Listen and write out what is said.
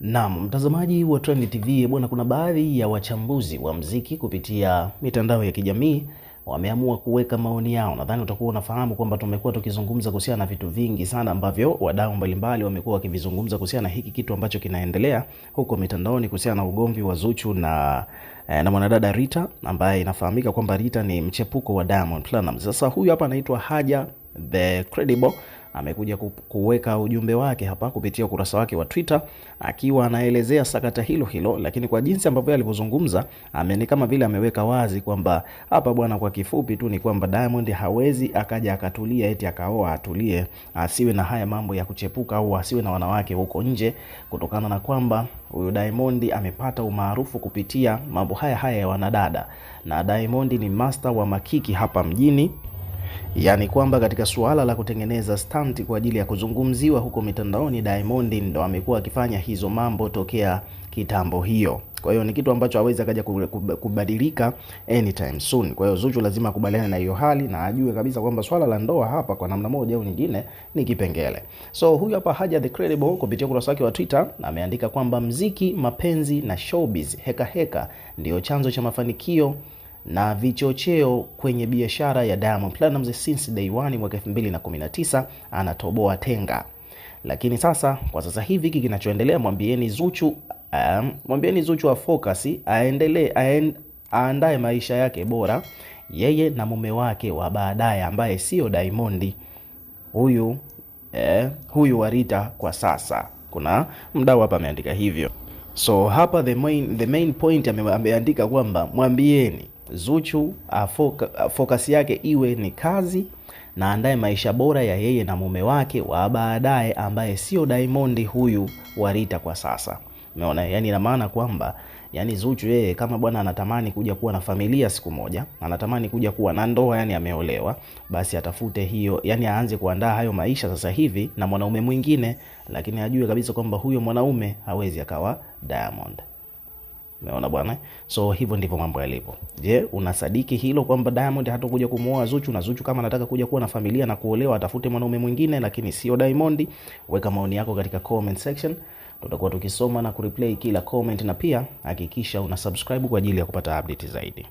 Naam, mtazamaji wa Trend TV bwana, kuna baadhi ya wachambuzi wa mziki kupitia mitandao ya kijamii wameamua kuweka maoni yao. Nadhani utakuwa unafahamu kwamba tumekuwa tukizungumza kuhusiana na vitu vingi sana ambavyo wadau mbalimbali wamekuwa wakivizungumza kuhusiana na hiki kitu ambacho kinaendelea huko mitandaoni kuhusiana na ugomvi wa Zuchu na, eh, na mwanadada Rita ambaye inafahamika kwamba Rita ni mchepuko wa Diamond Platnumz. Sasa huyu hapa anaitwa Haja the Credible amekuja kuweka ujumbe wake hapa kupitia ukurasa wake wa Twitter akiwa anaelezea sakata hilo hilo, lakini kwa jinsi ambavyo alivyozungumza ni kama vile ameweka wazi kwamba hapa bwana, kwa kifupi tu ni kwamba Diamond hawezi akaja akatulia eti akaoa atulie, asiwe na haya mambo ya kuchepuka au asiwe na wanawake huko nje, kutokana na kwamba huyu Diamond amepata umaarufu kupitia mambo haya haya ya wanadada, na Diamond ni master wa makiki hapa mjini Yaani kwamba katika suala la kutengeneza stunt kwa ajili ya kuzungumziwa huko mitandaoni, Diamond ndo amekuwa akifanya hizo mambo tokea kitambo hiyo. Kwa hiyo ni kitu ambacho hawezi akaja kubadilika anytime soon. Kwa hiyo Zuchu lazima akubaliane na hiyo hali na ajue kabisa kwamba swala la ndoa hapa kwa namna moja au nyingine ni kipengele. So huyu hapa Haja the Credible kupitia ukurasa wake wa Twitter ameandika kwamba mziki, mapenzi na showbiz heka heka ndiyo chanzo cha mafanikio na vichocheo kwenye biashara ya Diamond Platinumz since day one mwaka 2019 anatoboa tenga. Lakini sasa kwa sasa hivi hiki kinachoendelea, mwambieni Zuchu, um, mwambieni Zuchu wa focus aendelee aandae maisha yake bora yeye na mume wake wa baadaye ambaye sio Diamond huyu, eh, huyu wa Rita kwa sasa. Kuna mdau hapa ameandika hivyo, so hapa the main, the main point ameandika kwamba mwambieni Zuchu afoka, fokasi yake iwe ni kazi na andaye maisha bora ya yeye na mume wake wa baadaye ambaye sio Diamond huyu wa Rita kwa sasa. Umeona, Yaani ina maana kwamba yani Zuchu yeye kama bwana anatamani kuja kuwa na familia siku moja, anatamani kuja kuwa na ndoa, yani ameolewa, basi atafute hiyo, yani aanze kuandaa hayo maisha sasa hivi na mwanaume mwingine, lakini ajue kabisa kwamba huyo mwanaume hawezi akawa Diamond. Umeona bwana, so hivyo ndivyo mambo yalivyo. Je, unasadiki hilo kwamba Diamond hatakuja kumuoa Zuchu na Zuchu kama anataka kuja kuwa na familia na kuolewa atafute mwanaume mwingine, lakini sio Diamond? Weka maoni yako katika comment section, tutakuwa tukisoma na kureplay kila comment, na pia hakikisha una subscribe kwa ajili ya kupata update zaidi.